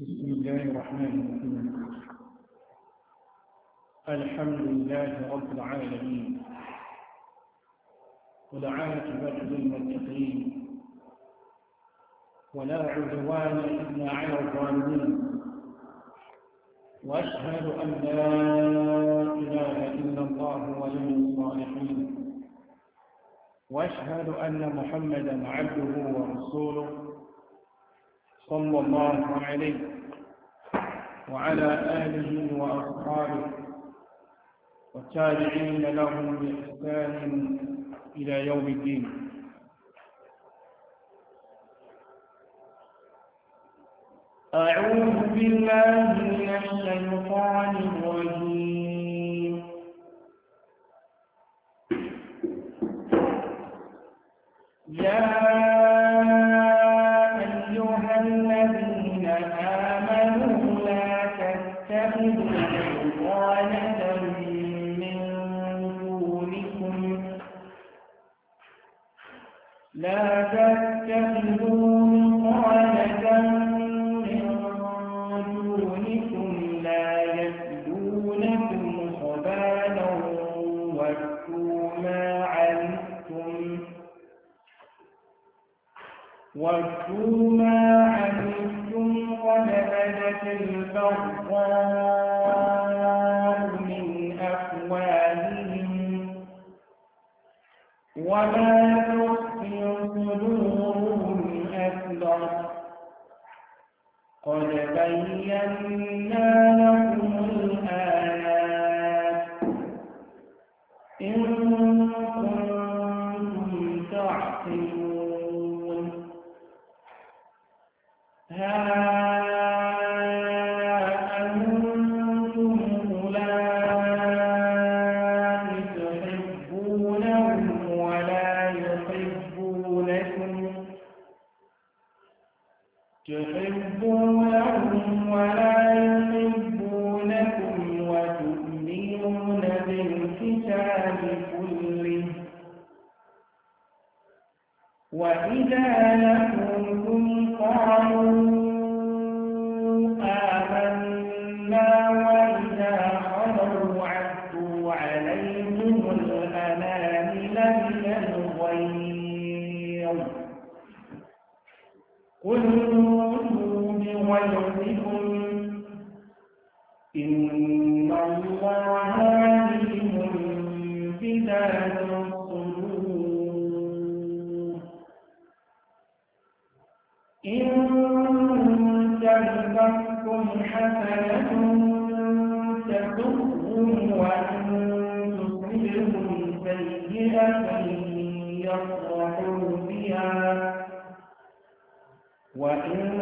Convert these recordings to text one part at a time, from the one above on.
بسم الله الرحمن الرحيم الحمد لله رب العالمين والعاقبة للمتقين ولا عدوان إلا على الظالمين وأشهد أن لا إله إلا الله ولي الصالحين وأشهد أن محمدا عبده ورسوله صلى الله عليه وعلى آله وأصحابه والتابعين لهم بإحسان إلى يوم الدين أعوذ بالله من الشيطان الرجيم يا البغضاء من أفواههم وما تخفي صدورهم أكبر قد بينا وإن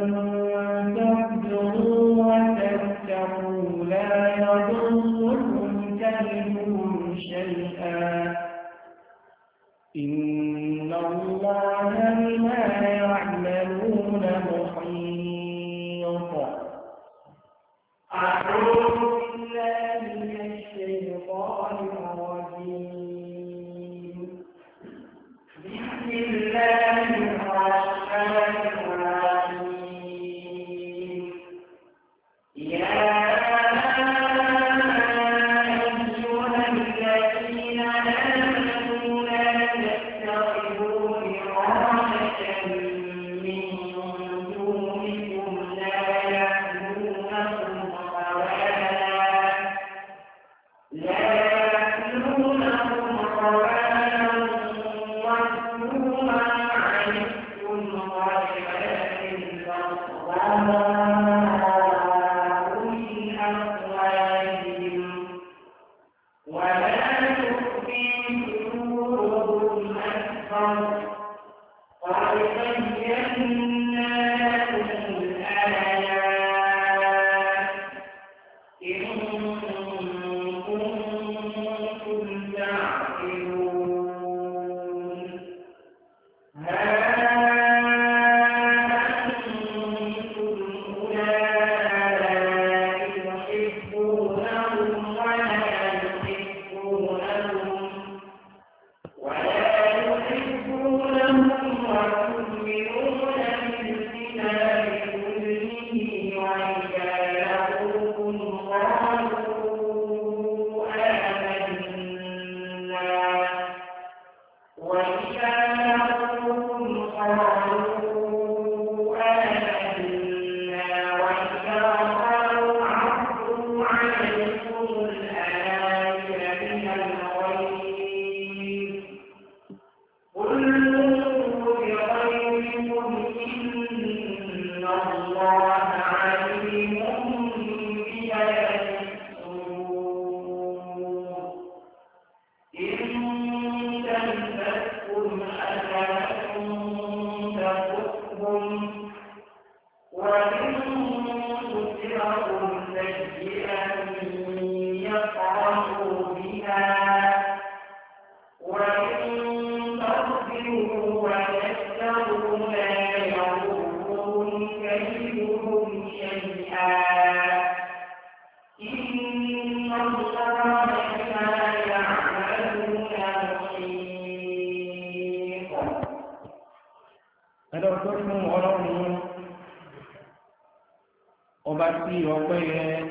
ọba tí ọpẹ́ yẹn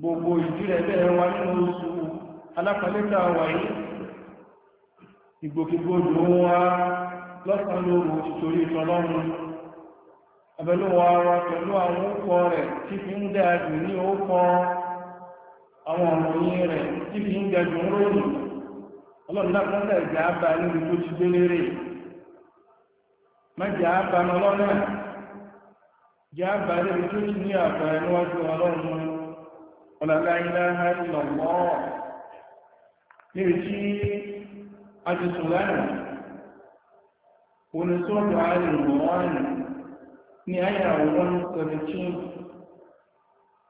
gbogbo ìjírẹ̀ bẹ́ẹ̀ wá nínú oṣù alápàlẹ́ta wáyé ìgbòkègbodò wa lọ́sàn lóru ìtòrí ìtọ́lọ́run abẹ́lúwa wa pẹ̀lú àwọn òkọ rẹ̀ tí fi ń dáadù ní òkọ àwọn ọ̀rọ̀yìn rẹ̀ tí fi ń gẹ̀dù ń ròyìn ọlọ́run lápọ́ńdà ìjà jẹ́ àbáyé tó ti ní àbáyé níwájú ọlọ́run ọ̀làláìláha ìlọ̀mọ́ níbi tí a ti sùn lánàá òní tó bá a lè mọ̀ wáyé ní àyà àwọn ọ̀sẹ̀lẹ̀kí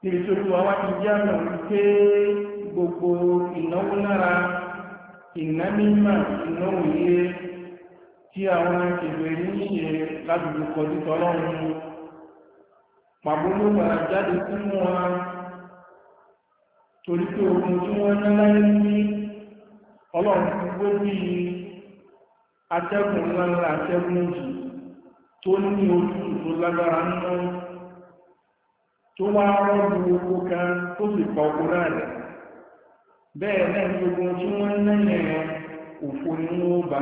níbi tó tó wá ti jẹ́ àmọ̀ wípé gbogbo ìnáwó lára ìná ìnáwó yé tí àwọn ìgbèrí ní ṣe láti kọjú tọ́lọ́run pàbóló wà jáde fún wọn torí pé ogun tí wọ́n ní láyé ní ọlọ́run ti gbé bí atẹ́gùn ńláńlá atẹ́gùn yìí tó ní ojú tó lágbára nínú tó wá rọ́bù oko kan tó sì pa oko náà rẹ̀ bẹ́ẹ̀ náà ní ogun tí wọ́n ní ni wọ́n bá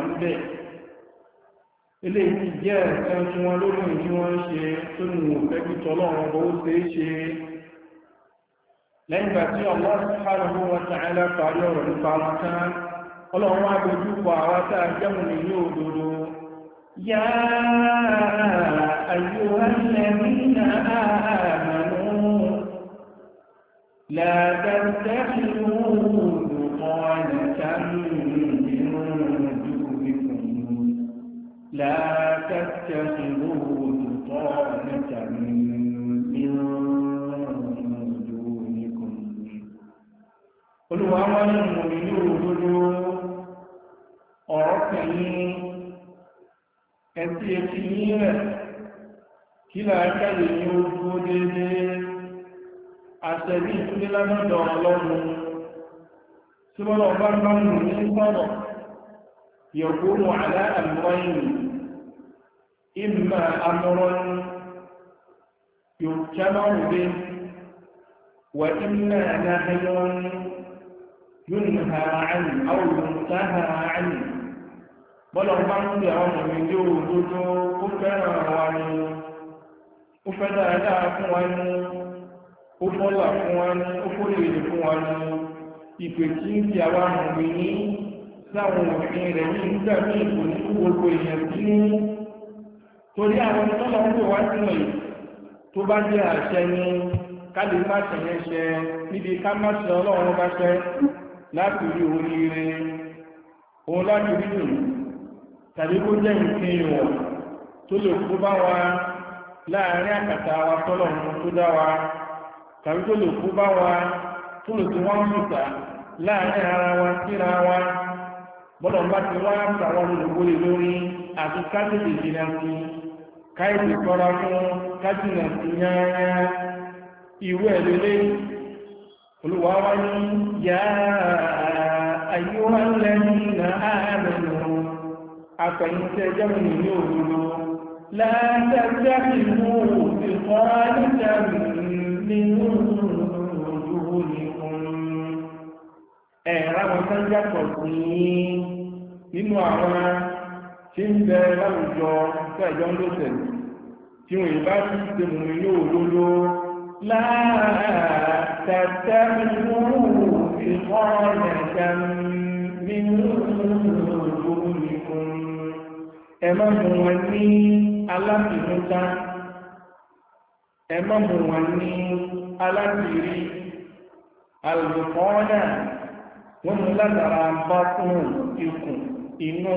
eléyìí jẹ́ ẹ̀sán tí wọ́n lórí tí wọ́n ń ṣe tó nù fẹ́bí tọ́lọ́run bó ṣe é ṣe lẹ́yìn ìgbà tí Allah subhanahu wa ta'ala parí ọ̀rọ̀ nípa wọn tán ọlọ́run wá dojú لا تتخذوا بطانة من دونكم قل هو المؤمن òdodo ọ̀rọ̀ kẹyìn ẹtí etí yín rẹ̀ kí làákàyè ní ojú déédéé àṣẹbí ìtúndé lánàdọ̀ ọlọ́run tí wọ́n lọ bá ń bá ń rìn ní sọ̀rọ̀ yẹ̀kú mu إما أمرا يؤتمر به وإما نهيا ينهى عنه أو ينتهى عنه bọ́lọ̀ bá ń bí àwọn ọmọ ilé òdodo ó fẹ́ràn wa ni ó fẹ́ dáadáa fún wa ni ó fọ́là fún wa ni ó fórèrè fún wa ni ìpè tí ń fi àwọn ọmọ mi ní láwọn òfin rẹ̀ ní ìgbà ní ìbò ní gbogbo èèyàn tí torí àwọn tó lọ ń pè wá sí mi tó bá jẹ́ àṣẹ ni ká lè má ṣẹ̀yẹ́ ṣẹ níbi ká má ṣe ọlọ́run bá ṣẹ láti rí oríire òun láti rí dùn tàbí kó jẹ́ nǹkan ìwọ̀n tó lè kó bá wa láàárín àkàtà wa tọ́lọ̀run tó dá wa tàbí tó lè kó bá wa tó lè tó wá ń sùtà láàárín ara wa síra wa bọ́lọ̀ bá ti wá àtàwọn olùgbòlè lórí àti kájìlì ìjìnà sí káìsì kọ́ra fún kájìlì sí yáyá ìwé ẹ̀lẹ́lẹ́ olùwà wá ní yá àyíwá lẹ́yìn na ààrẹ̀lẹ́ àtẹ̀yìntẹ́ jẹ́mìnì ní òwúrò látẹ́jẹ́ nínú àwọn tí ń bẹ láwùjọ fẹ́ẹ̀jọ́ ń lọ́sẹ̀ tí wọ́n ìbá tí ṣe mú ní òlóló láàtàtà mú ìkọ́ọ̀lẹ̀ta nínú olùkún ẹ má mú wọn ní aláfihúta ẹ má mú wọn ní aláfihí alùpọ́ọ̀nà wọ́n mú látara bá fún ikùn inú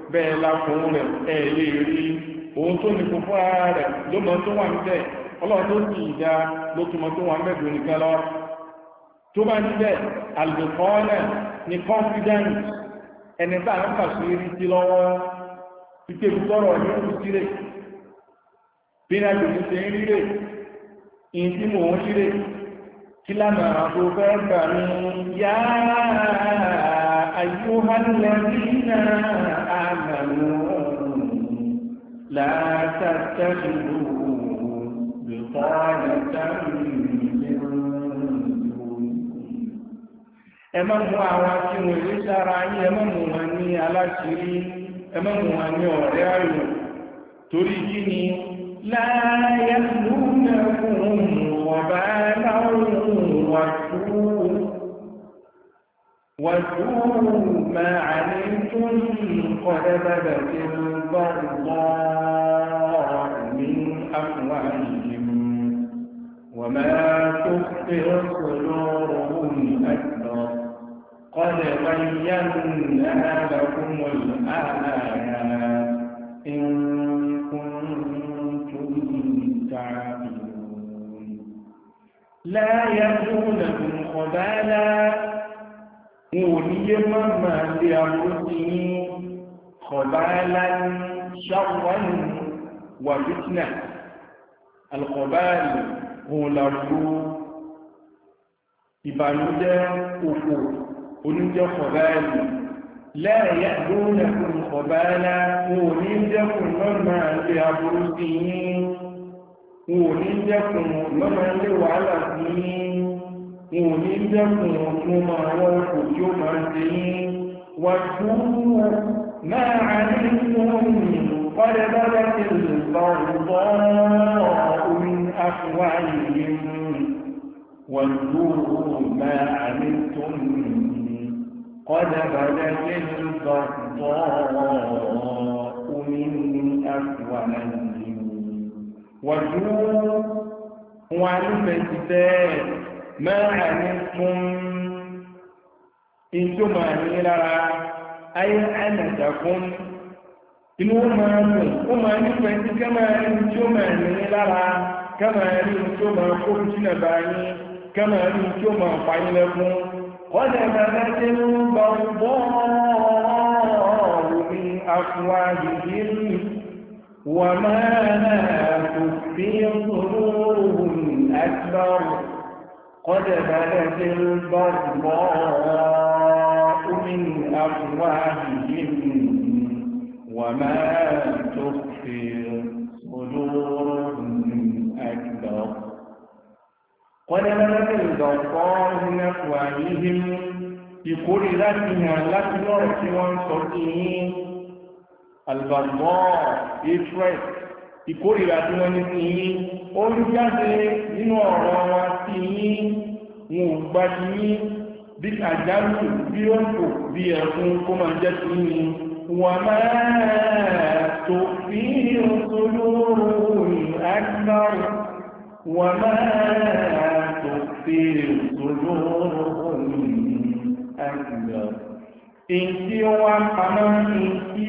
bẹ́ẹ̀ lákùn rẹ̀ ẹ̀ lè rí òun tó ní fún ara rẹ̀ ló mọ tó wà níbẹ̀ ọlọ́run tó sì ìdá ló túmọ̀ tó wà níbẹ̀ lónìí kan tó bá níbẹ̀ àlùkọ́ọ́nà ní confidence ẹni tá à ń pàṣẹ rí sí lọ́wọ́ títí ebi tọrọ ní oṣù sílẹ̀ bí náà أيها الذين آمنوا لا تتخذوا بطانة ẹ má mú àwọn tí wọn lè sára yín ẹ má mú wọn ní aláṣírí ẹ má mú wọn ní ọ̀rẹ́ ayò torí kí ni láyé lónà fún wọn bá láwọn وَاتُّقُوا مَا عَلِمْتُمْ قَدْ بَدَتِ الْبَغْضَاءُ مِنْ أَفْوَاهِهِمْ وَمَا تُخْفِي صُدُورُهُمْ أَكْبَرُ قَدْ بَيَّنَّا لَكُمُ الْآيَاتِ إِن كُنتُمْ تَعْقِلُونَ لَا يَأْتُونَكُمْ خَبَالًا n ò ní yé má máa lé aburú sí yín kọ̀báálá ní ṣáwọ́nù wà lùtínà alkọ̀báàlì òun làbú ìbànújẹ́ òfò oníjẹ́ kọ̀báàlì láàyè àdúrà fún kọ̀báálá n ò ní dẹ́kun má máa lé aburú sí wàhálà sí yín. wọn ò ní dẹ́kun ọ̀tún máa wọ́n kò tí ó máa ṣe yín wà túbú máa àníkún kọ́lẹ̀ bọ́lá ti lè sọ ọ̀rọ̀ omi afúnwá yìí واذكروا ما عملتم قد بدت البغضاء من أفواههم وجوه وعلم الكتاب máa àníkún ìjọ máa ní lára ayé ànàdàkún inú ó máa dùn ó máa nífẹ̀ẹ́ sí ká máa rí ìjọ máa ní lára ká máa rí ìjọ máa kó jìnà bá yín ká máa rí ìjọ máa fà yín lẹ́kún قد بدت البغضاء من أفواههم وما لا تخفي صدورهم أكبر قد بدت البغضاء من أفواههم وما تخفي صدورهم أكبر قد بدت البغضاء من أفواههم بقلتها لك نرك وانصرين البغضاء hatred ìkórìíra tí wọ́n ní sí yín ó ń jáde nínú ọ̀rọ̀ wa sí yín wọn ò gba sí yín bí àjálù bí òǹkò bí ẹ̀kún kó máa jẹ́ sí yín wọ́n máa tó fi òṣòlóòrùn àgbáwò wọ́n máa tó fi òṣòlóòrùn àgbáwò èyí tí wọ́n pamọ́ ní kí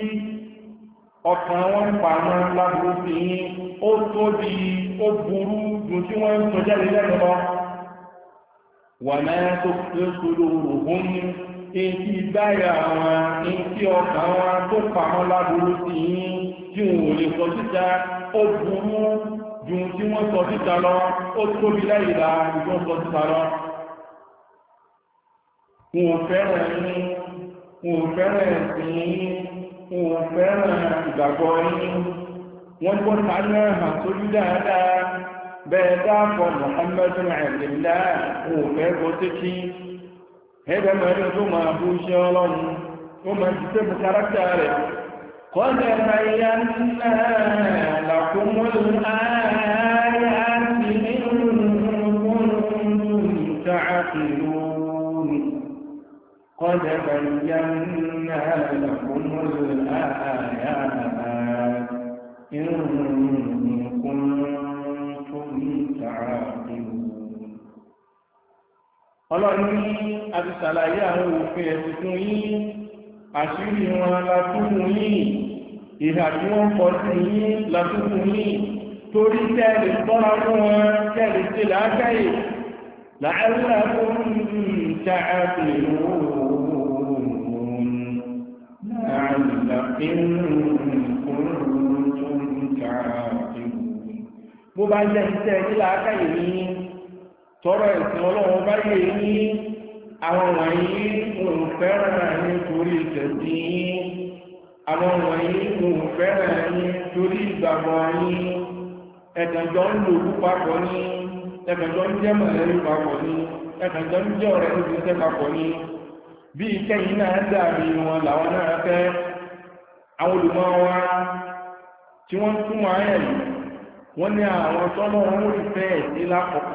ọ̀kan wọn ń pa àwọn lábúrú sí yí ó tó di ó burú jù tí wọ́n ń sọjá lè lẹ́nu lọ wà náà tó fẹ́ sódò òhun èyí dáyà wọn èyí ọkàn wọn tó pa wọn lábúrú sí yí tí wọn ò wọn fẹ́ràn ìgbàgbọ́ yín wọ́n gbọ́ sáré hàn sójú dáadáa bẹ́ẹ̀ dáàbọ̀ Muhammadu àìlèlá wọn fẹ́ kó sékí ẹgbẹ́ mẹ́rin tó máa bú iṣẹ́ ọlọ́run ó máa ti tẹ́bù kárátà rẹ̀ kọ́lẹ̀ máa yá náà ní àtìsàlàyé àwọn òfin ẹ̀sìn fún yín àṣírí wọn látúnú yín ìhà tí wọ́n kọ sí yín látúnú yín torí tẹ́lẹ̀ tọ́ra fún wọn tẹ́lẹ̀ tí làákàyè láàrínlá bó bá jẹ́ iṣẹ́ ìlàákàyè tọrọ ẹ̀sìn ọlọ́run bá yẹ awọn àwọn wọ̀nyí mo fẹ́ràn torí ìtẹ̀sí yín àwọn wọ̀nyí mo fẹ́ràn yín torí ìgbàgbọ́ yín ẹ̀kànjọ́ ń lò ó papọ̀ ní ń jẹ́ mọ̀lẹ́bí papọ̀ ní ń jẹ́ ọ̀rẹ́ papọ̀ ní bí ìkẹyìn náà dàbí wọn làwọn náà fẹ́ àwọn tí wọ́n túmọ̀ ayẹ̀ yìí wọ́n ní àwọn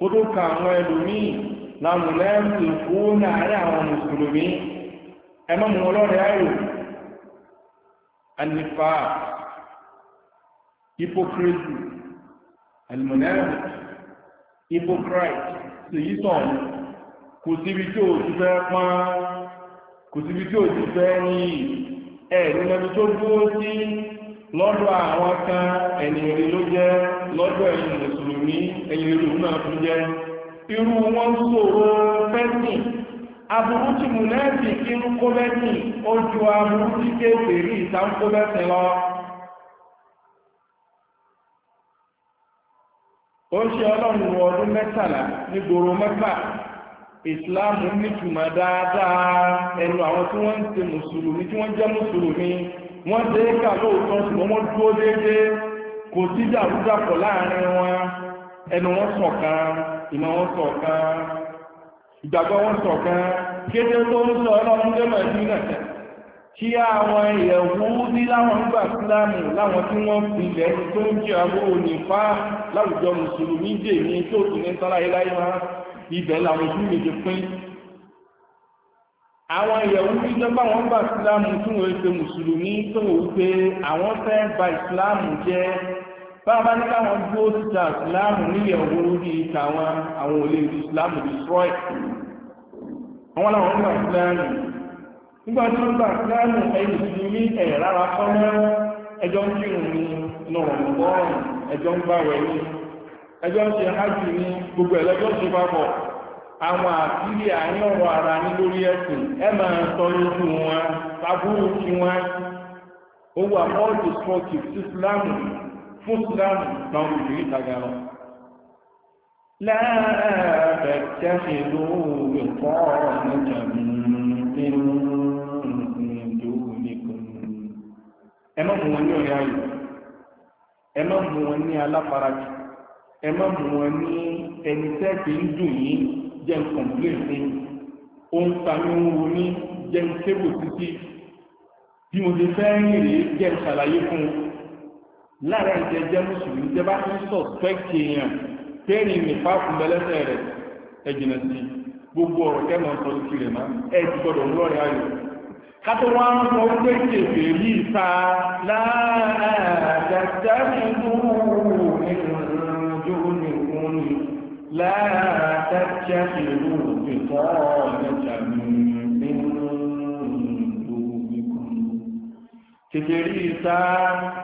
kó tó ka àwọn ẹlòmíì láwọn lẹ́rù kó láàárín àwọn mùsùlùmí ẹmọ́ mú ọlọ́rẹ̀ ayò anìfà hypocrisy almonary hypocrite èyí sọ̀rọ̀ kò síbi tí ò ti fẹ́ pán kò síbi tí ò ti fẹ́ ní ẹ̀rùn ẹni tó dúró sí lọ́dọ̀ àwọn kan ẹ̀yìn èrè ló jẹ́ lọ́dọ̀ ẹ̀yìn mùsùlùmí ẹ̀yìn èrè òun náà tún jẹ́ irú wọn ṣòro fẹ́sìn aburú tí mo lẹ́sìn inú kó fẹ́sìn ó ju aburú tí kéèké rí ìta ń kó fẹ́sìn lọ. ó ń ṣe ọlọ́run wọ ọdún mẹ́tàlá ní gbòòrò mẹ́fà ìsìláàmù nítumọ̀ dáadáa ẹnu àwọn tí wọ́n ń ṣe mùsùlùmí tí wọ́n jẹ́ mùsùlùmí wọ́n jẹ́ ká lóòótọ́ ṣùgbọ́n wọ́n dúró déédéé kò sí dàrúdàpọ̀ láàrin wọn ẹnu wọn ṣọ̀kan ìmọ̀ wọn ṣọ̀kan ìgbàgbọ́ wọn ṣọ̀kan kéde tó ń sọ ọlọ́run lẹ́mọ̀ ẹ̀dí nàkẹ́ kí àwọn ìyẹ̀wò ní láwọn gbà sílámù láwọn tí wọ́n pilẹ̀ tó ń jẹ́ àbó onífá láwùjọ mùsùlùmí dè ní tó sì ní sáláyé láyé wá ibẹ̀ làwọn ojú méje pín àwọn ìyẹ̀wò ìjọba wọn gba ìsìláàmù tí wọ́n ṣe mùsùlùmí tó wò pé àwọn fẹ́ bà ìsìláàmù jẹ́ báwa ní káwọn dúró síta ìsìláàmù níyẹ̀wò lórí tàwọn àwọn olè Islam, destroy àwọn làwọn gba Islam, nígbà tí wọ́n gba Islam, ẹ̀yìn mùsùlùmí ẹ̀ rárá sọ́mọ́ ẹjọ́ ń kírun ní nọ̀rọ̀ ẹjọ́ ń bá wẹ̀ ní ẹjọ́ ń ṣe hájì ní gbogbo ẹ̀lẹ́jọ́ ṣe papọ̀ àwọn àfírí àárín ara ní lórí ẹ̀sìn ẹ máa sọ lójú wọn sábúrú kí wọn ó wà all sí islamu fún islamu náà lè ìtajà lọ. láàbẹ̀ tẹ́sí ló rè ọ̀rọ̀ nínú nìkan. mú wọn ní ọ̀rẹ́ ayò jẹ́ ń kọ̀m̀pléǹ fún ó ń ta mí ń ní jẹ́ kébù títí bí mo ti fẹ́ rìn rèé jẹ́ ṣàlàyé fún un lára ìjẹ jẹ́ mùsùlùmí jẹ́ bá ń sọ pẹ́kì èèyàn kẹ́rin nípa fúnbẹ́lẹ́sẹ̀ rẹ̀ ẹ̀jìnà sí gbogbo ọ̀rọ̀ kẹ́mọ̀ sọ sí rẹ̀ máa ẹ̀ ti gbọ́dọ̀ ń lọ́rẹ̀ ayọ̀ kátó wá ń sọ pé kèfè rí ìta láàárín àjàjá nínú ìrìnàjò nìkan nìkan لا تتخذوا بطانة من دونكم kèfèrí ìta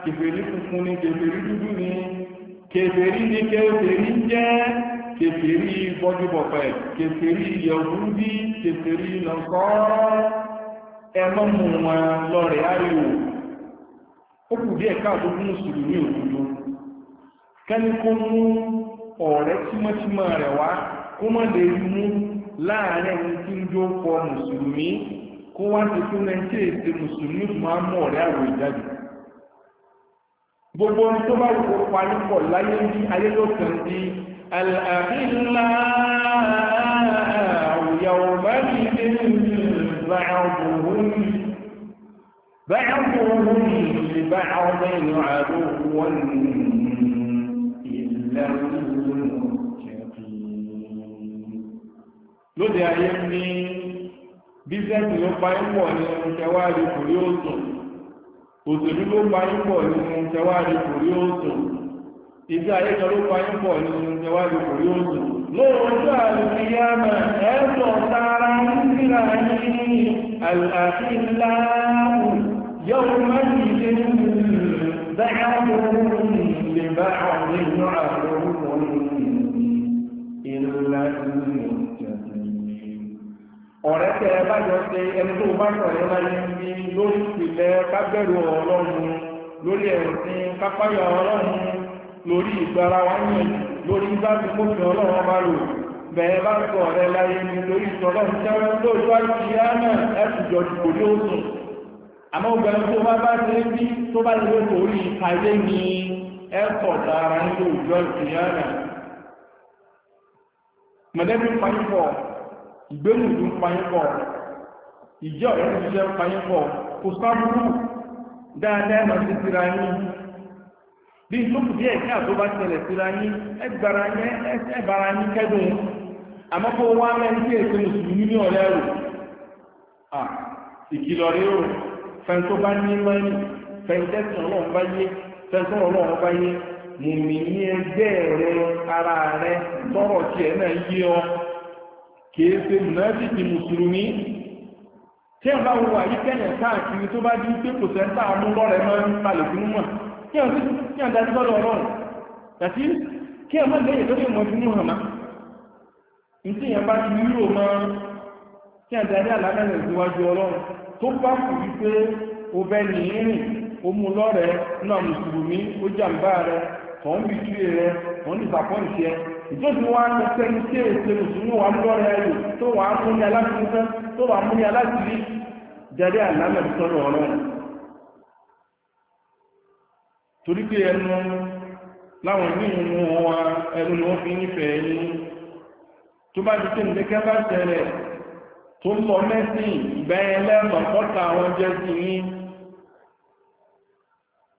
kèfèrí funfun ni kèfèrí dúdú ni kèfèrí ni kèfèrí jẹ́ kèfèrí bọ́júbọ̀pẹ̀ kèfèrí yẹ̀wúrúbí kèfèrí lọ́kọ́ ẹmọ́ mú wọn lọ́rẹ̀ áríwò ó kù díẹ̀ káàkó fún mùsùlùmí òdodo kẹ́ni kó mú ọ̀rẹ́ tímọ́tímọ́ rẹ̀ wá kó mọ́ lè mú láàárín ẹni tí ń jó pọ̀ mùsùlùmí kó wá ti fún ẹni tí èsì mùsùlùmí máa mú ọ̀rẹ́ àwọ̀ ìjáde gbogbo ohun tó bá wù kó pa nípọ̀ láyé ní ayé ló kàn di àlàáfíà àwòyàwó bá ní ilé ìgbà ọ̀gbọ̀n بعضهم لبعض عدو إلا lóde ayé ní bísẹ́ẹ̀tì ló pa ń pọ̀ ní ohun tẹwárí kò rí òtò òṣèlú ló pa ń pọ̀ ní ohun tẹwárí kò rí òtò ìdí ayé kan ló pa ń pọ̀ ní ohun tẹwárí kò rí òtò lóòótọ́ àlùfíyàmà ẹ̀sọ̀ tààrà ń ní àlàáfíìláàmù yóò má ní ṣe ń bẹ́ẹ̀ ọ̀rẹ́ tẹ ẹ bá jọ ṣe ẹni tó bá sọ̀rọ̀ ẹ láyé ní lórí ìpìlẹ̀ kábẹ́rù ọlọ́run lórí ẹ̀sìn kápáyà ọlọ́run lórí ìgbára wáyé lórí gbádùn mọ́fìn ọlọ́run ọba rò bẹ̀rẹ̀ bá sọ ọ̀rẹ́ láyé ní lórí ìṣọ̀rọ̀ ìṣẹ́rẹ́ lórí wájú mọ̀lẹ́bí ń payín pọ̀ ìgbémùdú ń payín pọ̀ ìjẹ́ ọ̀rẹ́ ti ṣiṣẹ́ ń payín pọ̀ kò sábúrú dáadáa máa ti tira yín bí tókù díẹ̀ ní àtúbá tẹ̀lẹ̀ tira yín ẹgbàra yín ẹbàra yín kẹ́dùn àmọ́ kó wá lẹ́yìn tí èsè mùsùlùmí ní ọ̀rẹ́ rò à ìkìlọ̀ rí rò fẹ́ntó bá ní mẹ́rin fẹ́ntẹ́sì ọlọ́run bá yé fẹ́ntó ọlọ́run bá yé mùmí ní ẹgbẹ́ rẹ ara rẹ tọ́rọ̀ tiẹ̀ náà yé ọ kìí ṣe mùnáfíìsì mùsùlùmí tí ẹ̀ bá wọ àyíkẹ́yẹ̀ káàkiri tó bá di pé kò sẹ́ńtà amúrọ̀ rẹ máa ń palẹ̀ fún mọ̀ kí ẹ̀ kí ẹ̀ dájú lọ́dọ̀ ọlọ́run tàbí kí ẹ̀ má lẹ́yìn tó lè mọ fún mọ̀ hàn ntí yẹn bá ti yúrò máa kí ẹ̀ dájú àlámẹ́rẹ̀ síwájú ọlọ́run tó bá kù wípé o bẹ́ nìyí rìn omu lọ́rẹ̀ náà mùsùlùmí ó jàǹbá rẹ kàn ń bìtúyè rẹ kàn ń dìsàpọ́ǹtì ẹ ìjọsìn wa ń sẹ́ni tí èsè mùsùlùmí ya ń lọ́rẹ̀ ayò tó wà ya múni aláṣẹ tó wà á múni aláṣẹ jáde àlámẹ̀ sọ́rọ̀ ọ̀rọ̀ torí pé ẹnu ni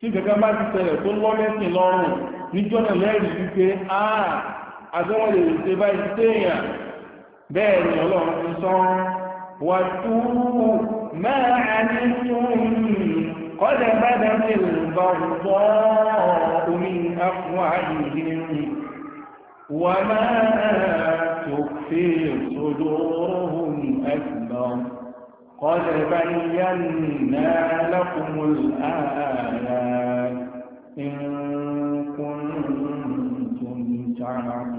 tí gẹ́gẹ́ bá ti tẹ̀lẹ̀ tó lọ́ lẹ́sìn lọ́rùn níjọ́ náà lẹ́rìí wípé áà àtọ́wọ́ lè ṣe báyìí téèyàn bẹ́ẹ̀ ni ọlọ́run ti sọ wà tú máa àní tún kọ́lẹ̀ bá dẹ́rẹ́ ìrùbá ọ̀gbọ́ omi afún àdìyẹ wà máa tó fi sódò قد بينا لكم الآيات إن كنتم تعلمون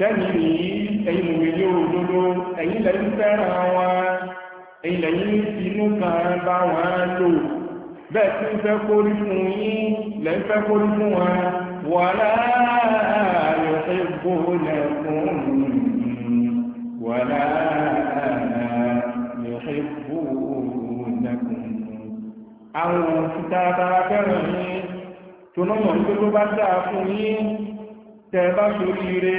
tẹ́lì yìí ẹ̀yin mùmí ní òdodo ẹ̀yin lẹ́yìn fẹ́ràn wọn ẹ̀yin lẹ́yìn inú kan bá wọn lò bẹ́ẹ̀ tí ń fẹ́ kórí fún yín lẹ́yìn fẹ́ kórí fún wọn wàlá ayọ̀fẹ́ gbóòlẹ̀ fún wàlá ayọ̀fẹ́ gbóòlẹ̀ fún. àwọn òfin taratara fẹ́ràn yín tó náà mọ̀ nígbà tó bá dáa fún yín tẹ́ bá sórí ire.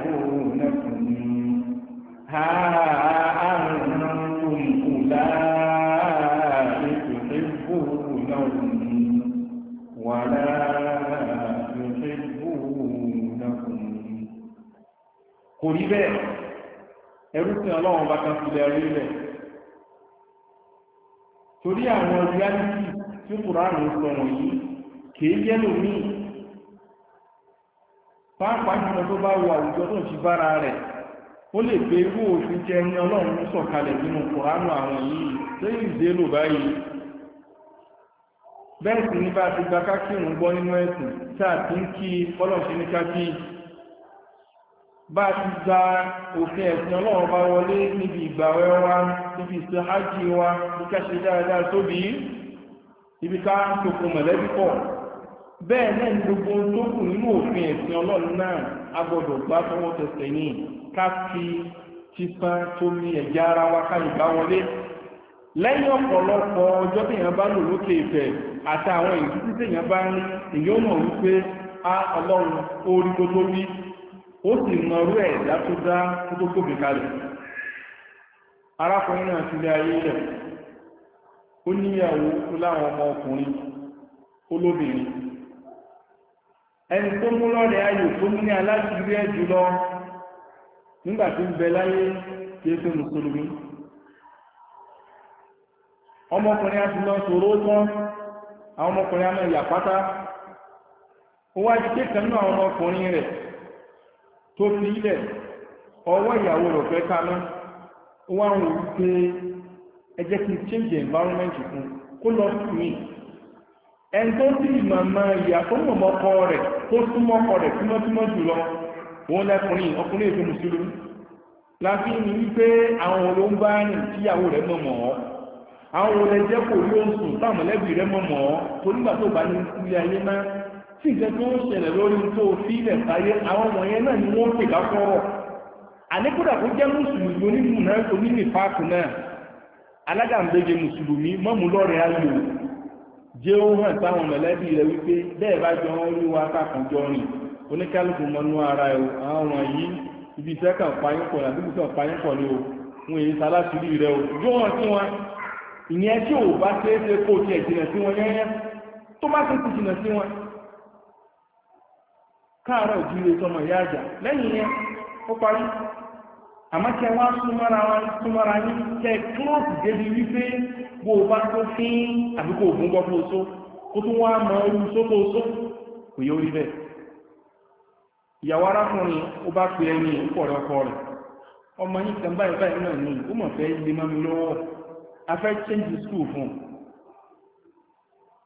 ha antum ulai tuhibbunahum wa la yuhibbunahum kò rí bẹ́ẹ̀ ẹrú sí ọlọ́run bá kan filẹ̀ rí rẹ̀ torí àwọn reality tí kùránù sọ wọ̀nyí kìí jẹ́ lómi pàápàá jùlọ tó bá wọ tó ń fi bára rẹ̀ ó lè gbé irú òfin jẹ ní ọlọ́run ń sọ̀kalẹ̀ nínú kòránù àwọn yìí lẹ́yìn ìdélò báyìí bẹ́ẹ̀ sì ní bá ti gba kákìrún gbọ́ nínú ẹ̀sìn tí a ti ń kí fọ́lọ̀ṣẹ́ ní kákì bá ti gba òfin ẹ̀sìn ọlọ́run bá wọlé níbi ìgbàwẹ̀ wa níbi ìsìn hajj wa ní káṣe dáadáa tóbi ibi ká sokun mọ̀lẹ́bí pọ̀ bẹ́ẹ̀ náà ni gbogbo tó kù nínú òfin ẹ̀sìn ọlọ́run náà a gbọ́dọ̀ gbá tọwọ́ tẹsẹ̀ yìí ká fi tó ní ẹ̀já ara wa ká lẹ́yìn ọ̀pọ̀lọpọ̀ ọjọ́ tí èèyàn bá lò lókè ìfẹ́ àtàwọn ìdíjí tí bá ń rí èèyàn a ọlọ́run orí tó tó rí ó sì mọ̀rú ẹ̀dá tó dá tó tó gbòmì kalẹ̀ arákùnrin náà ti lé ayé ọmọ ọkùnrin olóbìnrin ẹni tó mú lọ́rẹ̀ ayò tó nígbà tí ń bẹ láyé kí é tó mùsùlùmí ọmọkùnrin àti lọ sọ̀rọ̀ tán àwọn ọmọkùnrin àmọ́ ìyà pátá ó wá di náà àwọn ọmọkùnrin rẹ̀ tó fi ilẹ̀ ọwọ ìyàwó rẹ̀ fẹ́ kaná ó wá ń fún kó lọ sí mi ẹni tó sì ìyà tó wọ́n lẹ́kùnrin ọkùnrin èso mùsùlùmí láti ní wípé àwọn olóò ń bá rìn tíyàwó rẹ̀ mọ̀ mọ̀ ọ́ àwọn olè jẹ́ kò rí oṣù táwọn mọ̀lẹ́bí rẹ̀ mọ̀ mọ̀ ọ́ tó nígbà tó bá ní ilé ayé má sì jẹ́ tó ń ṣẹlẹ̀ lórí tó fi ilẹ̀ sáyé àwọn ọmọ yẹn náà ni wọ́n pè ká kọ́rọ̀ àníkúdà tó jẹ́ mùsùlùmí onímùnà onímìfáàkù náà alágàmbéje mùsùlùmí mọ́mú lọ́rẹ̀ ayò jẹ́ ó hàn táwọn mọ̀lẹ́bí rẹ̀ wípé bẹ́ẹ̀ bá jọ ń rí wa kákan jọ rìn oníkálukú mọ́nú ara ẹ̀ àwọn yìí ibi iṣẹ́ kan pààyàn pọ̀ àdúgbò kan pààyàn pọ̀ ni o wọn èyí sá láti rí rẹ o yóò hàn sí wọn ìyẹn tí ò bá ṣe é ṣe kó tiẹ̀ jìnà sí wọn yẹ́yẹ́ tó bá ṣe ti jìnà sí wọn káàárọ̀ òjúre tọmọ ìyá àjà lẹ́yìn yẹn ó parí àmọ́ kí ẹ wá súnmọ́ra wá súnmọ́ra yín kẹ kílọ̀sì débi wípé bó o bá tó fín àbí kò gbọ́ fún oṣó kó tún wá mọ orí oṣó tó oṣó kò yẹ orí bẹ́ẹ̀ ìyàwó arákùnrin ó bá pe ẹni ìpọ̀rọ̀ ọkọ rẹ̀ ọmọ yìí kan báyìí báyìí náà ni ó mọ̀ fẹ́ lè mọ́ mi lọ́wọ́ a fẹ́ change school fún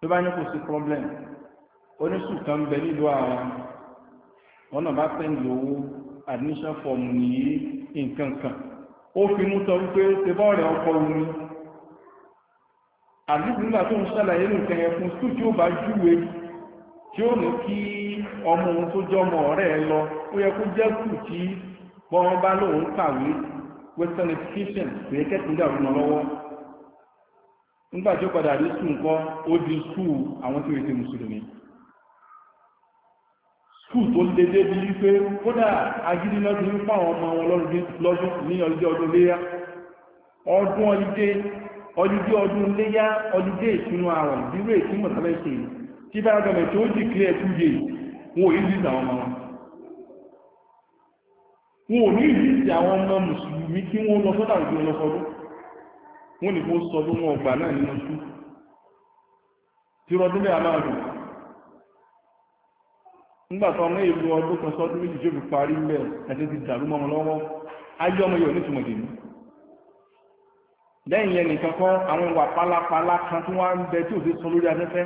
ló bá ní kò sí problem oníṣù kan bẹ nílùú àwọn ọ̀nà bá fẹ́ lò ó admission form nìyí nǹkan kan ó fi mú sọ wípé ṣe bọ́ọ̀rẹ̀ ọkọ omi àdúgbò nígbà tó ń ṣàlàyé nǹkan yẹn fún skul tí ó bá júwe tí ó mú kí ọmọ òun tó jọmọ ọ̀rẹ́ lọ ó yẹ kó jẹ́ kù tí wọ́n bá lóun kàwé western education pé kẹ́kìndà ọ̀rùn lọ́wọ́ nígbà tí ó padà rí sùn kọ́ ó di skul àwọn tí ó ti mùsùlùmí skul tó dédé bí wípé kódà agídí lọ́dún ń fáwọn ọmọ wọn lọ́dún ní ọlọ́dún ọdún léyà ọdún ọlídé ọlídé ọdún léyà ọlídé ìtúnú àrùn ìdúró ìtúnmọ̀ sábẹ́ tí bá gọ́mẹ̀ tó jì clear two days wọn ò ní ìdíjà àwọn ọmọ wọn wọn ò ní ìdíjà àwọn ọmọ mùsùlùmí kí wọ́n lọ sọ́dà ìjọ lọ́sọdún wọ́n ní kó sọdún wọn ọgbà náà nínú sú tí rọdún bẹ́ẹ̀ máa rùn nígbà tó ọmọ èlò ọdún kan sọdún méjì tó fi parí mẹ́ ẹ̀sẹ̀ ti dàrú mọ́ lọ́wọ́ ayé ọmọ yóò nítumọ̀ dèmí lẹ́yìn yẹn nìkan kọ́ àwọn ìwà pálapàla kan tí wọ́n á ń bẹ tí ò sí sọ lórí afẹ́fẹ́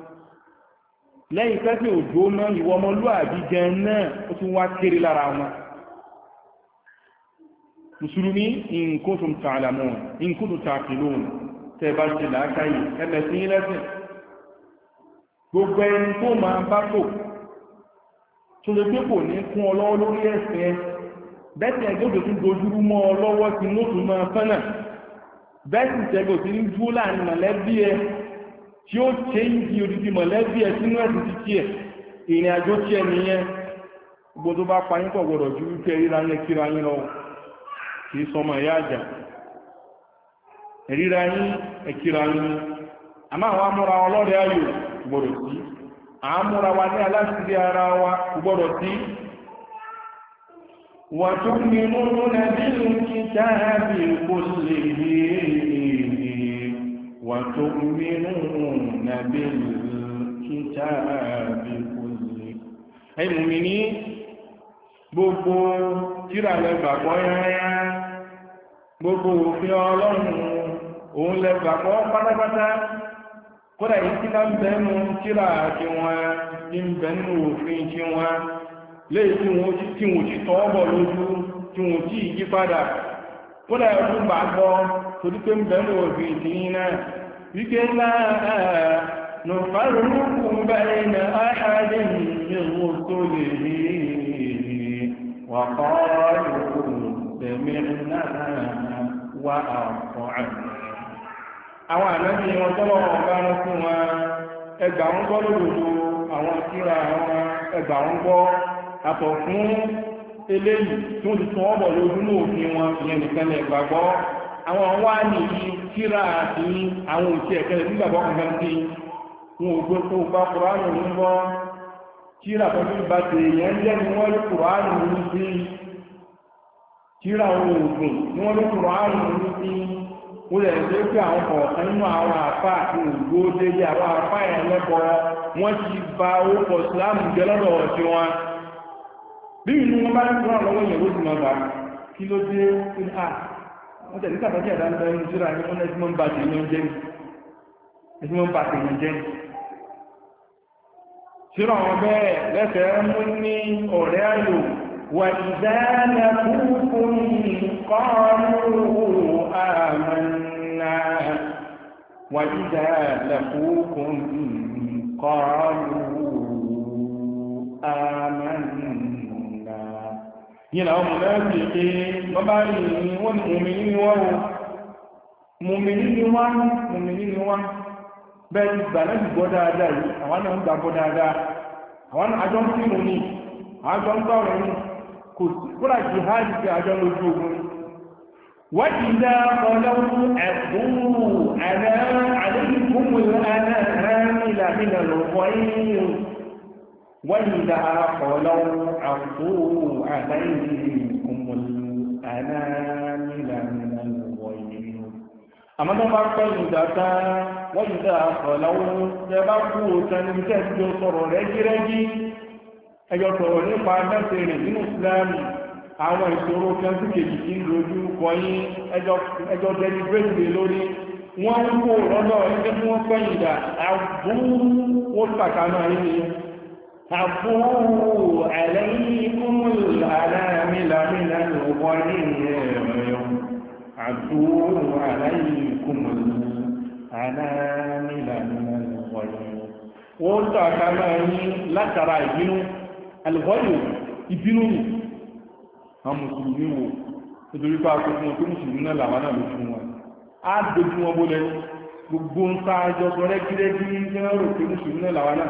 lẹ́yìn tẹ́sí òjò mọ́ ìwọ ọmọlúwàbí gan náà ó tún wá kéré lára wọn mùsùlùmí nǹkó tó ń ta àlàmọ́ nǹkó tó ta àfìlóhùn tẹ́ bá ti làákàyè ẹlẹ́sìn yín lẹ́sìn gbogbo ẹni tó máa bá tò tó lè pé ní kún ọ lórí ẹ̀sìn bẹ́ẹ̀sì ẹgbẹ́ tó dojúrú mọ́ ọ lọ́wọ́ sí nóòtù máa fẹ́nà bẹ́ẹ̀sì tẹ́gbẹ́ tó ń dúró láàrin mọ̀lẹ́bí ẹ tí ó ṣe odidi mọ̀lẹ́bí ẹ̀ sínú ti títí ẹ̀ ìrìn àjò tí ẹni yẹn gbogbo tó bá payín pọ̀ gbọdọ̀ ju wípé ríra yẹn kíra lọ kì í sọmọ ìyá àjà ríra yín ẹ̀kíra yín àmọ́ àwọn amúra ọlọ́rẹ̀ ayò sí wa ní aláṣìírí ara wa sí nàbí kò lè rí وتؤمنون بالكتاب كله أي مؤمنين gbogbo tíra lẹ́gbà kọ́ yáyá gbogbo òfin ọlọ́run òun lẹ́gbà kọ́ pátápátá kódà yìí tí bá ń bẹ́nu tíra àti wọn tí ń bẹ́nu òfin tí wọn léè tí wọn tí wọn ti tọ́ bọ̀ lójú tí wọn tí yí padà kódà ẹ̀kú gbàgbọ́ torí pé ń bẹ̀rù òbí ti iná wípé láàá nùfàrùnúkù báyìí na áhàdé nínú tó lè rí wàkọ́ọ̀lùkù tẹ̀mí náà wà àpọ̀ àmì àwọn ànábì wọn tọ́lọ̀ ọ̀gá ti tún ọ̀bọ̀ lójú ní òfin wọn ìyẹn nìkan lẹ̀ àwọn wá ní kíra àti àwọn òṣì ẹ̀kẹ́lẹ̀ nígbàgbọ́ kankan tí wọn ò gbé kó bá kùránù ń bọ́ kíra pẹ̀lú bá ti èèyàn jẹ́ ni wọ́n kùránù sí kíra ohun ògùn ni wọ́n kùránù sí ó lẹ̀ ṣe pé àwọn kọ̀ọ̀kan nínú àwọn àti àwọn wọ́n ti ba jẹ́ lọ́dọ̀ ọ̀sìn wọn bí inú wọn bá mo tẹ̀lé kàtàkì ẹ̀dá ń bẹ inú síra ní fún ẹtí mọ́ ń ba tèèyàn jẹ́ ẹtí mọ́ ń ba yìí làwọn mọ̀ náà sì pé wọ́n bá rí ní wọ́n ni mùmìnì ni wọ́n o mùmìnì ni wọ́n mùmìnì ni wọ́n bẹ́ẹ̀ ti gbà náà ti gbọ́ dáadáa yìí àwọn náà ń gbà gbọ́ dáadáa àwọn náà àjọ ń fi mú ni àjọ ń gbà ọ̀rọ̀ ni kò sí kúrà jì há jì pé àjọ lójú ogun wọ́n ti dá ọlọ́run ẹ̀kún àná àlejò fún mi àná àná ìlànà lọ́wọ́ yìí وإذا خلوا عفوا عليكم الأنامل من الغيظ أما ما فإذا وإذا خلوا يبقوا تنجد يطر رجي من إسلامي àwọn ìṣòro kan tí kejì kí ń lójú kọyín ẹjọ́ dẹni bírèkì lórí wọ́n ń kó lọ́dọ̀ ẹgbẹ́ tí wọ́n pẹ́yìn àbúrú ó pàtàkì náà yìí عفوا عليكم الأنامل من الغيظ عفوا عليكم الأنامل من الغيظ wọ́n tọ́ àtàmà yín látara ìbínú alìwọ́yò ìbínú ni àwọn mùsùlùmí wò nítorí pé akókò wọn tó mùsùlùmí náà làwọn náà ló fún wọn á dojú wọn bó lẹ́nu gbogbo ń sáájọ sọ rẹ́gírẹ́gí ní ọ̀rọ̀ pé mùsùlùmí náà làwọn náà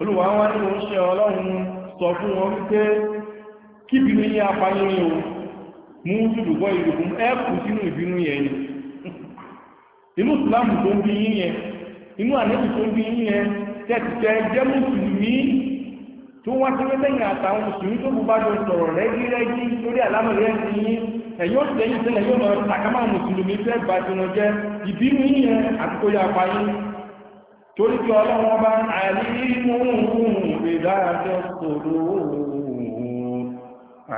olùwà wọn ní wọ́n ṣe ọlọ́run sọ fún wọn wípé kíbi ní yí apáyẹ̀rẹ̀ o mú dùdùgbọ́ ìrùkún ẹ́ẹ̀kù sínú ìbínú yẹn ni inú ìsìlámù tó ń bí yín yẹn inú ànẹ́bì tó ń bí yẹn tẹ̀tẹ̀ jẹ́ mùsùlùmí tó wá sí lẹ́yìn àtàwọn mùsùlùmí tó bá sọ̀rọ̀ rẹ́gírẹ́gí lórí torí kí ọlọ́run bá àlímú ìdájọ́ kòrò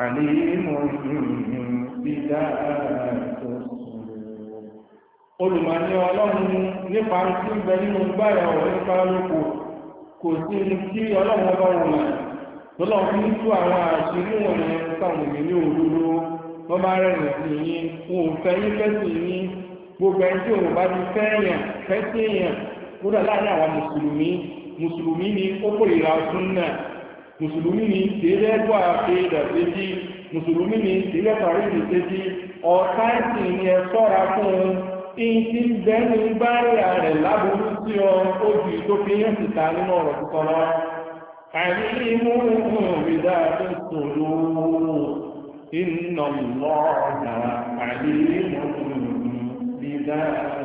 àlímú ìdájọ́ kòrò olùmọ̀ní ọlọ́run nípa tí ń bẹ nínú gbáyà ọ̀rọ̀ nípa kò sí ní kí ọlọ́run bá wù mà lọ́lọ́run àwọn àṣírí ní òdodo wọ́n bá kódà láàrin àwọn mùsùlùmí mùsùlùmí ni ó kórìíra súnnà mùsùlùmí ni tẹ́lẹ́gbọ́ àfihàn tẹ́tí mùsùlùmí ni tẹ́lẹ́tàrí ní tẹ́tí ọ̀tá ìsìn ni ẹ sọ́ra fún un ìyìn tí ń bẹ́nu bá rí ààrẹ láburú sí ọ ó ju tó fi yẹn síta nínú ọ̀rọ̀ tuntun lọ àìrí mú ìdá tó sùn lóòrùn iná lọ́ọ̀dà àìrí mú ìdá tó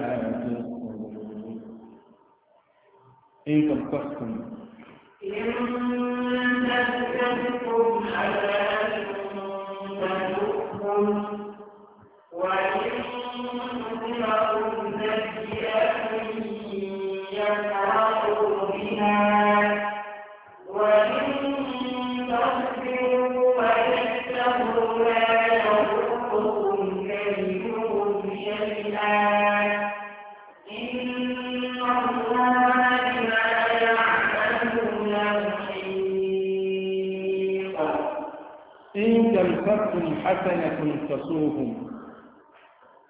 إن تمسككم إن تمسككم حسنة وإن تسؤكم بها إن تمسكهم حسنة تسوهم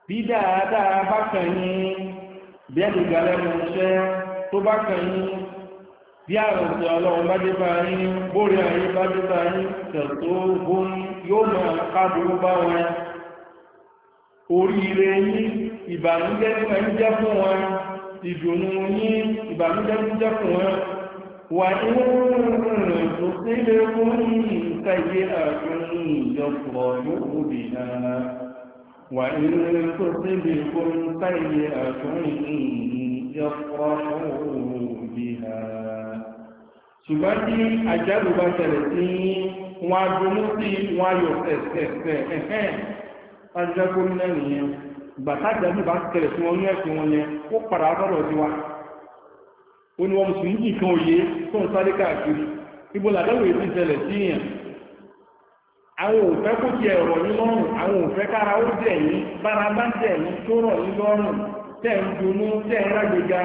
بدادا بكني بيد قلم الشيخ تبكني bí àrùn tí ọlọ́run bá dé bá yín bórí ayé bá dé bá yín tẹ̀tọ́ ogun yóò mọ̀ káàdùrú bá wọn oríire yín ìbànújẹ́ ń jẹ́ fún wọn ìdùnnú yín ìbànújẹ́ ń jẹ́ fún wọn وإن تصبكم سيئة يفرحوا بها وإن تصبكم سيئة يفرحوا بها ṣùgbọ́n tí àjálù bá ṣẹlẹ̀ sí wọn agbóhùn sí wọn ayọ̀ ẹ̀ẹ̀ẹ̀ ẹ̀hẹ́n ajágómìnà nìyẹn gbàtàjálù bá ṣẹlẹ̀ sí wọn ní ẹ̀sìn wọn yẹn ó padà bọ̀rọ̀ sí onu ní wọ́n oye jì kan òye tó ń sáré káàkiri ibo làdáwò èsì ìṣẹ̀lẹ̀ sí yàn àwọn òfẹ́ kó ti ẹ̀rọ yín lọ́rùn àwọn òfẹ́ kára ó dẹ̀ yín bára bá dẹ̀ yín tó rọ̀ yín lọ́rùn tẹ̀ ń dunú tẹ̀ ń rágbèga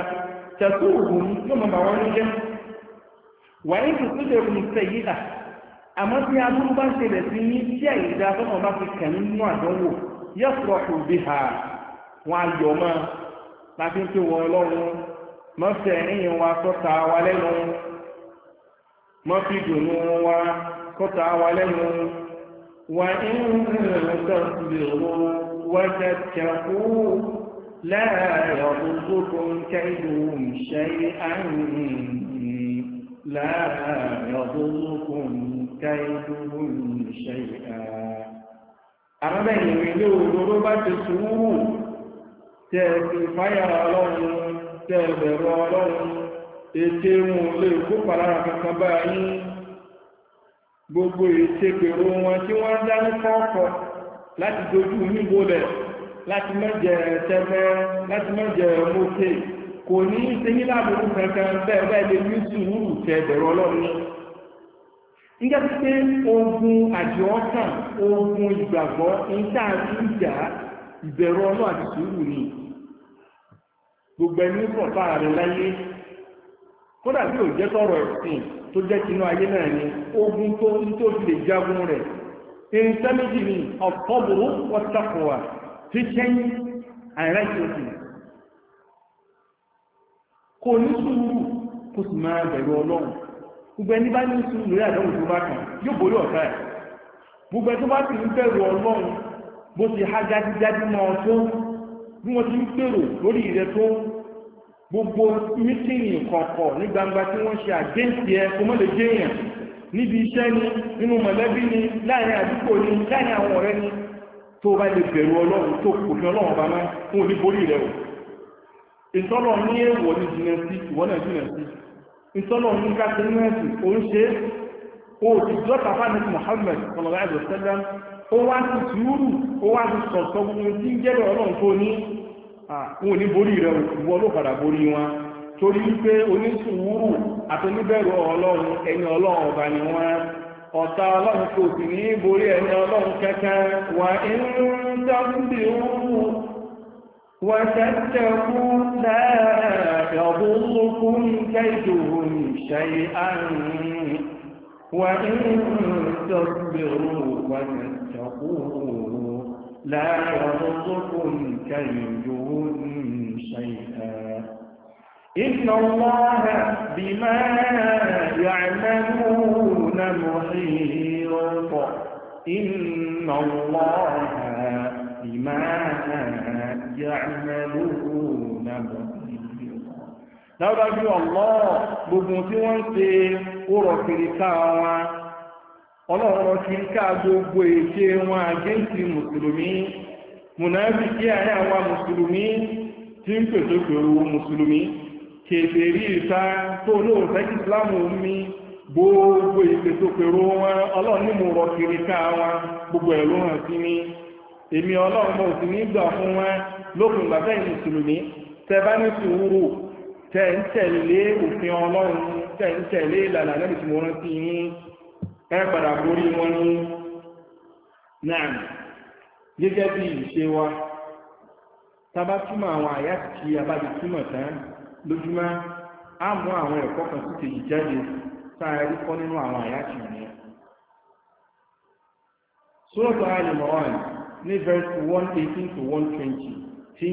tẹ̀sù òògùn yóò mọ̀ bàwọn ní wàyí tuntun tí aburú ha wọn mọ́fẹ́ ẹ̀yìn wa kọ́ta wa lẹ́nu mọ́fí dùnú wa kọ́ta wa lẹ́nu wà ìrìnlẹ́sẹ̀ ìrò wọ́jẹ́ tẹ̀kú láàrín ọdún tó kọ́ ń kẹ́dùn ṣe àrùn لا يضركم كيدهم شيئا àmọ́bẹ̀yìn ilé òdòdó bá ti sùúrù tẹ́ ti fáyà ọlọ́run tẹ́ ẹ̀bẹ̀rọ ọlọ́run ètè wọn lè kópa lára kankan báyìí gbogbo ètè pèrò wọn tí wọ́n ń dání kọ́ọ̀kọ́ láti dojú níbolẹ̀ láti mẹ́jẹ tẹ́fẹ́ láti mẹ́jẹ mókè kò ní í ṣe nílá àbúrú kankan bẹ́ẹ̀ bẹ́ẹ̀ lè ní sùúrù tẹ́ ẹ̀bẹ̀rọ ọlọ́run nígbà tí pé ogun àjọ ọ̀sán ogun ìgbàgbọ́ ń tà ń jà ìbẹ̀rù ọlọ́run àti sùúrù ni gbogbo ẹni pọ̀ fáàrin láyé kódà bí ò jẹ́ sọ̀rọ̀ ẹ̀sìn tó jẹ́ tinú ayé náà ni ogun tó ń tó fi lè jagun rẹ̀ irinṣẹ́ méjì ni ọ̀pọ̀bùrú wọ́tàkùwà tí sẹ́yìn àìráìsòsì kò ní sùúrù kò sì máa bẹ̀rù ọlọ́run gbogbo ẹni bá ní sùúrù lórí àdánwò tó bá kàn yóò borí ọ̀tá ẹ̀ gbogbo ẹni tó bá sì ń bẹ̀rù ọlọ́run bó ti há jájíjájí mọ́ ọ tó bí wọ́n ti ń gbèrò lórí rẹ tó gbogbo mítíìnì kọ̀ọ̀kọ̀ ní gbangba tí wọ́n ṣe àgéǹtì ẹ kó mọ́ lè níbi iṣẹ́ ni nínú mọ̀lẹ́bí ni láàrin àdúgbò ni láàrin àwọn ọ̀rẹ́ ni tó bá lè bẹ̀rù ọlọ́run tó kò fi ọlọ́run bá máa fún oníborí rẹ o ìtọ́lọ̀ ní èèwọ̀ ní jìnà sí ìwọ náà jìnà sí ìtọ́lọ̀ ní káṣí ní ẹ̀sìn ó ń ṣe ó ti dọ́ta fáwọn Muhammad sallallahu alaihi wasallam ó wá ti sùúrù ó wá ti sọ̀tọ̀ gbogbo tí ń jẹ́rọ ọlọ́run tó ní Ah, wọn ò borí rẹ̀ ìwọ ló padà borí wọn torí pé onísùúrù àtọ́níbẹ̀rù ọlọ́run ẹni ọlọ́run ọba ni wọ́n ọ̀ta ọlọ́run kò sì ní borí ẹni ọlọ́run wà òwú wà لا يضركم كيدهم شيئا إن الله بما يعملون محيط إن الله بما يعملون محيط لا ọ̀lọ́ الله tí wọ́n ń ọlọ́run ti ń ká gbogbo ète wọn àgẹ́ǹtì mùsùlùmí mùnàfíkì àárín àwọn mùsùlùmí tí ń pèsè pèrò mùsùlùmí kèfèrí ìta tó lóòótọ́ islam mi gbogbo ìpèsè wọn ọlọ́run ní mo gbogbo ẹ̀ hàn sí èmi ọlọ́run mo sì ní gbà fún wọn lókun ní sùúrù ń tẹ̀lé tí ẹ padà borí wọn ní náà gẹ́gẹ́ bí ìṣe wa tábá àwọn àyà tí a bá tán lójúmọ́ a mú àwọn ẹ̀kọ́ kan sí kejì jáde sáà kọ́ nínú àwọn àyà tì ní. sọ́rọ̀tọ̀ Al-Imran ní verse 118 to one tí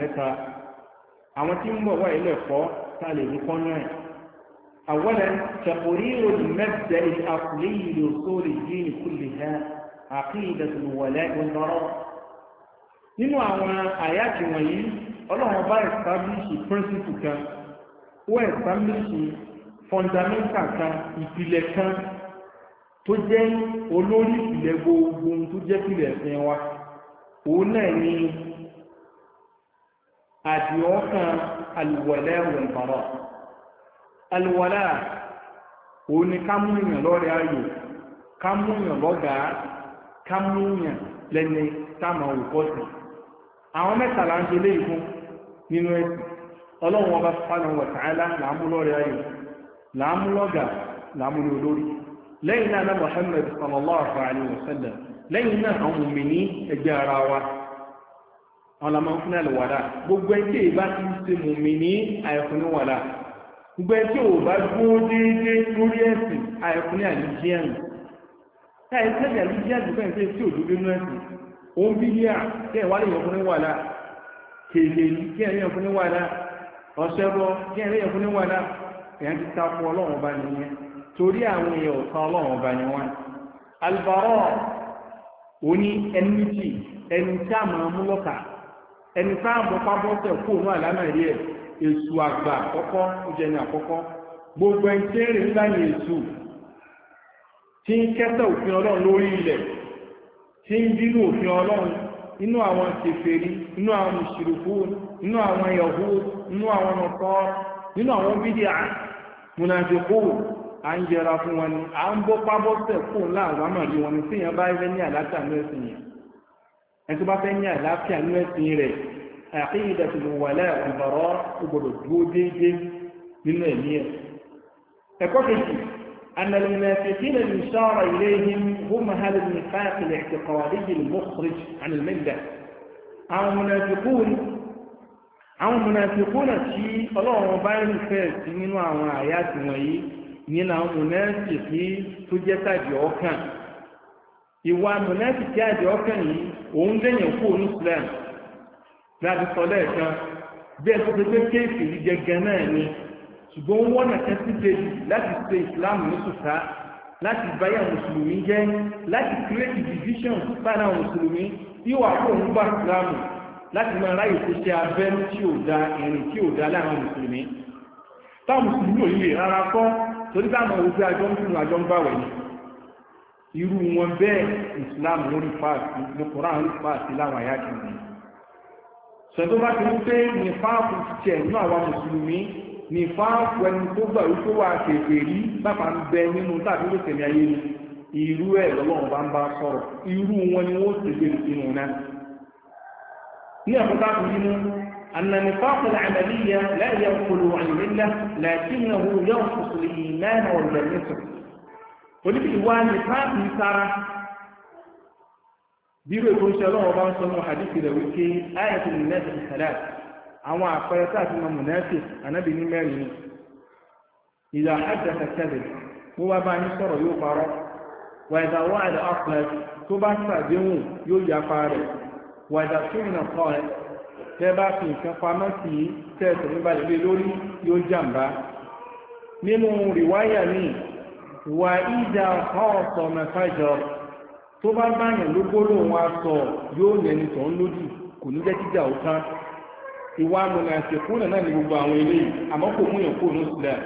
mẹ́ta أولا تقرير المبدأ الأصلي لأصول الدين كلها عقيدة الولاء والبراء nínú àwọn àyájì wọ̀nyí ọlọ́run bá ẹ̀stábíṣì píríncípù kan ó ẹ̀stábíṣì fọ́ndámẹ́ntà kan ìpìlẹ̀ kan tó jẹ́ olórí ìpìlẹ̀ gbogbo tó jẹ́ pìlẹ̀ ẹ̀sìn wa òun náà ni àdìọ́kan alùwẹ̀lẹ́ wẹ̀lbàrọ̀ alwala òun ni ká mú lori lọ́rẹ̀ ayò ká mú èèyàn lọ́gàá ká mú èèyàn lẹ́ni táàmà òkọ́ ń nínú ọba wa ta'ala làámú lọ́rẹ̀ ayò làámú lọ́gà làámú ní olórí lẹ́yìn náà náà Muhammad sallallahu alayhi wa sallam lẹ́yìn náà àwọn ara wa àwọn gbogbo gbogbo ẹ tí ò bá dúró déédéé lórí ẹ̀sìn àìkú ní àlùjíẹ̀nù táyé sẹ́yìn àlùjíẹ̀nù fẹ́ẹ̀ fẹ́ tí ò dúró nínú ẹ̀sìn òun bí yíyà kí ẹ̀ wá lè yàn fún ní wàhálà kèlè kí ẹ̀ lè yàn fún ní wàhálà ọ̀sẹ̀ bọ kí ẹ̀ lè yàn fún ní wàhálà èèyàn ti ta fún ọlọ́run ọba nìyẹn torí àwọn èèyàn ọ̀tá ọlọ́run ọba ni wọ́n alùbárọ̀ òní ẹni méjì ẹni èṣù àgbà àkọ́kọ́ ó jẹ́ ní àkọ́kọ́ gbogbo ẹni tí ń rìn láyìn èṣù tí ń kẹ́sẹ̀ òfin ọlọ́run lórí ilẹ̀ tí ń bínú òfin ọlọ́run inú àwọn kèfèrí inú àwọn mùsùlùkù inú àwọn yahoo inú àwọn nọ̀kọ́ nínú àwọn bídíà mùnàfíkù à ń yẹra fún wọn ni à ń bọ́ pábọ́sẹ̀ fún láàrú àmàlí wọn ni tí èèyàn bá fẹ́ ní àlàáfíà àkíyídàtù ló wà láàrín bọ̀rọ̀ gbogbo dúó déédé nínú ẹ̀mí ẹ̀ ẹ̀kọ́ kejì ànàlùmọ̀ ẹ̀fẹ̀kínà ní sára ilé ihim gómà hálì ní fáàkìlẹ̀ ẹ̀kẹ́kọ̀ àdíjì ní mọ́kùnrin ànàlùmẹ́dà àwọn mùnàfikún àwọn mùnàfikún tí ọlọ́run bá ń fẹ́ sí nínú jẹ́ ọkàn yìí òun lẹ́yìn kú òun sílẹ̀ láti sọ lẹ́ẹ̀kan bí ẹsẹ̀ pé kéèkì yìí gẹ́gẹ́ náà ni ṣùgbọ́n wọ́n nà kẹ́ sí kejì láti ṣe ìsìláàmù ní sùkà láti báyà mùsùlùmí jẹ́ láti create division sára mùsùlùmí tí wàá kó ń bá ìsìláàmù láti máa ráyè tó ṣe abẹ́ tí ò da ìrìn tí ò da láàrin mùsùlùmí táwọn mùsùlùmí ò yìí rárá kọ́ torí táwọn òfin àjọ ń fún àjọ ń bá wẹ̀ ni irú wọn bẹ́ẹ̀ ìsìláàmù ń rí fáàsì ní kùrán láwọn àyájọ́ nìyí sọ̀tọ́ bá ti ń pé ní fáàpù tiẹ̀ nínú àwa mùsùlùmí ní fáàpù ẹni tó gbà wípé wà kèfè rí bàbá ń bẹ nínú tàbí ló tẹ̀lé ayé ni irú ẹ̀ lọ́wọ́n bá ń bá sọ̀rọ̀ irú wọn ni wọ́n tẹ̀lé nínú náà ní ẹ̀kọ́ bá nínú أن نفاق العملية لا ينقل عن الملة لكنه ينقص الإيمان والجنة. ولكن هو نفاق bírò ìfúnṣẹ́ ọlọ́wọ́ bá ń sọ náà hadithi rẹ̀ wípé ayẹ̀tì mùnẹ́fì salat àwọn àpẹẹrẹ káàkiri mọ mùnẹ́fì anábì ní mẹ́rin ni ìlà àjàkà kẹlẹ̀ mo wá bá yín sọ̀rọ̀ yóò parọ́ wà ìdá wà ìdá ọ̀pẹ́ tó bá ṣàdéhùn yóò yá pa rẹ̀ wà ìdá tó ìnà kọ́ rẹ̀ tẹ́ bá fi nǹkan pamọ́ sí i tẹ́ẹ̀sì nígbà lè lórí yóò jàǹbá nínú rìwáyà ní wà ìdá tó bá báyàn ló gbólóhùn asọ yóò lẹni tó ń lójú kò ní jẹ́ jíjà ó tán ìwà amúnà àṣekúnà náà ní gbogbo àwọn àmọ́ kò mú yàn kó ní sílẹ̀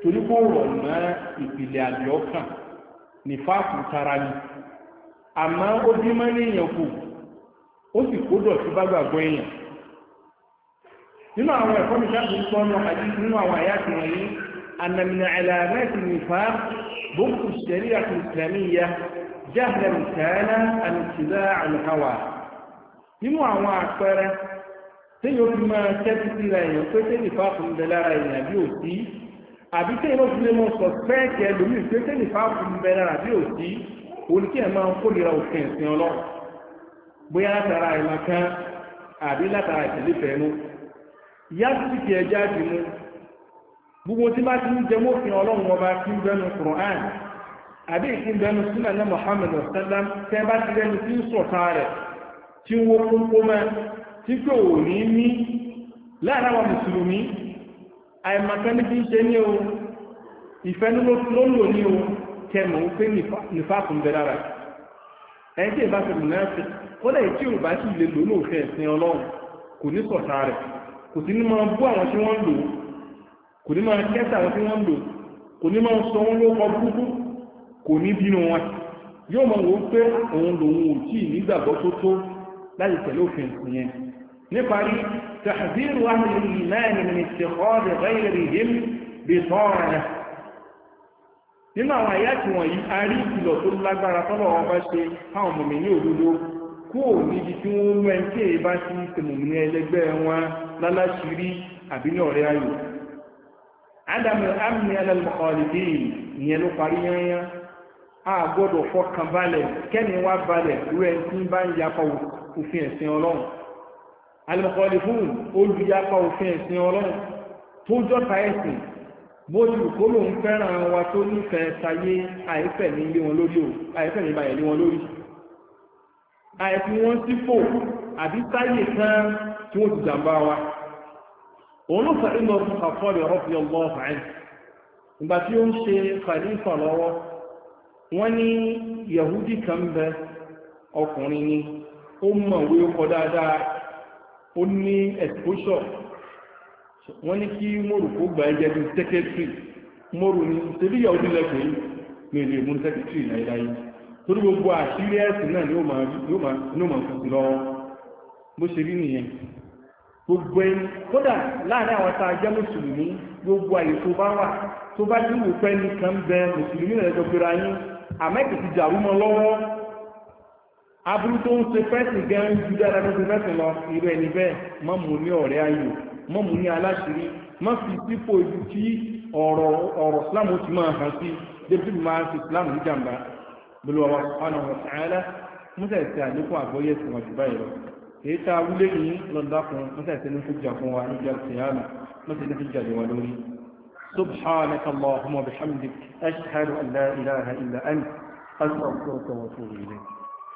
torí kó rọ̀ tara ni àmọ́ ó bí mọ́ ní èèyàn kù ó sì kó dọ̀tí bá gbàgbọ́ èèyàn nínú àwọn ẹ̀kọ́ mi ń sọ nínú àwọn أن من علامات النفاق بغض الشريعة الإسلامية جهلا كان الاتباع الهوى nínú àwọn àpẹẹrẹ téèyàn fi máa tẹ́tí sí ra èèyàn pé tẹ́lẹ̀ fáàkùn ń bẹ lára èèyàn bí ò sí àbí téèyàn fi lè mọ sọ fẹ́ẹ̀kì ẹlòmíì pé tẹ́lẹ̀ fáàkùn ń bẹ lára bí ò sí òun kí ẹ máa ń kórìíra òfin ẹ̀sìn ọlọ́run bóyá látara ìmọ̀ kan àbí látara ìtẹ̀lẹ́fẹ̀ẹ́nu yá sí kìí ẹja dì mú gbogbo tí bá ti ń jẹ mọ́fin ọlọ́run ọba tí ń bẹnu Qur'an àbí ìsì ń bẹnu súnà ní Muhammad sallam tẹ́ bá ti rẹnu tí ń sọ̀tà rẹ̀ tí ń wo kókó mẹ́ tí ní ní mùsùlùmí ń ṣe ní o ìfẹ́ ló lò ní o kẹmọ̀ ó pé nífà fún bẹ lára ẹ̀ tí ìbá fi mùnà ẹ̀sìn ó tí sì lè lò ní òfin ẹ̀sìn ọlọ́run kò kò ní máa kẹta àwọn tí wọ́n ń lò kò ní máa sọ wọ́n ló kọ burúkú kò ní bínú wọn yóò mọ̀ wọ́n pé òun lòun ò tí nígbàgbọ́ tó tó láti tẹ̀lé òfin yẹn níparí tàbíru ahli al-iman min ittikhadhi ghayrihim bitana nínú àwọn àyá tí wọ̀nyí a rí ìkìlọ̀ tó lágbára tọ́lọ̀ wọn bá ṣe fáwọn mọ̀mí ní òdodo kúrò níbi tí wọ́n mú ẹni tí èyí bá sí tẹ̀mọ̀mí ẹlẹgbẹ́ wọn láláṣìírí àbínú ọ̀rẹ́ ayò adamu amni ala al-mukhalifin ìyẹn ló parí yányá a gbọ́dọ̀ fọkàn balẹ̀ kẹ́ni wá balẹ̀ irú ẹni tí bá ń yapa òfin ẹ̀sìn ọlọ́run al-mukhalifun olùyapa òfin ẹ̀sìn ọlọ́run tó jọ́ta ẹ̀sìn bójú kó ló ń fẹ́ràn wa tó nífẹ̀ẹ́ sayé àìfẹ́ ní ilé olófà ìmọ̀ fún àfọ́lì rọ́bì ọlọ́ọ̀fàáì ìgbà tí ó ń ṣe khalifa lọ́wọ́ wọ́n ní yahudi kan bẹ ọkùnrin ni ó mọ̀wé ọkọ̀ dáadáa ó ní wọ́n ní kí mọ́rù kó bí mọ́rù ni yahudi lẹ́kọ̀ọ́ gbogbo ẹni kódà láàrin àwọn tá a jẹ́ mùsùlùmí gbogbo àyè tó bá wà tó bá ti wù pẹ́ nìkan bẹ mùsùlùmí rẹ̀ jọ pera yín àmẹ́kì ti dàrú mọ́ lọ́wọ́ aburú tó ń ṣe fẹ́sì gan ń ju dára lóṣù fẹ́sì lọ irú ẹni bẹ́ẹ̀ mọ́ mú ní ọ̀rẹ́ ayò mọ́ mú ní aláṣìírí mọ́ fi sípò ibi tí ọ̀rọ̀ ọ̀rọ̀ sílámù ti máa hàn sí débi tí máa fi sílámù ní jàǹbá gbolo àwọn ọ̀nà ọ̀sán ayálà mú tá wúlé ní lọ́dá kan mọ́sá ìsẹ́ni fújà fún wa ní ìjà ìsìyàmù mọ́sá ìsẹ́ni fújà lè wà lórí subhanaka allahumma bihamdik ashhadu an la ilaha illa anta astaghfiruka wa atubu ilayk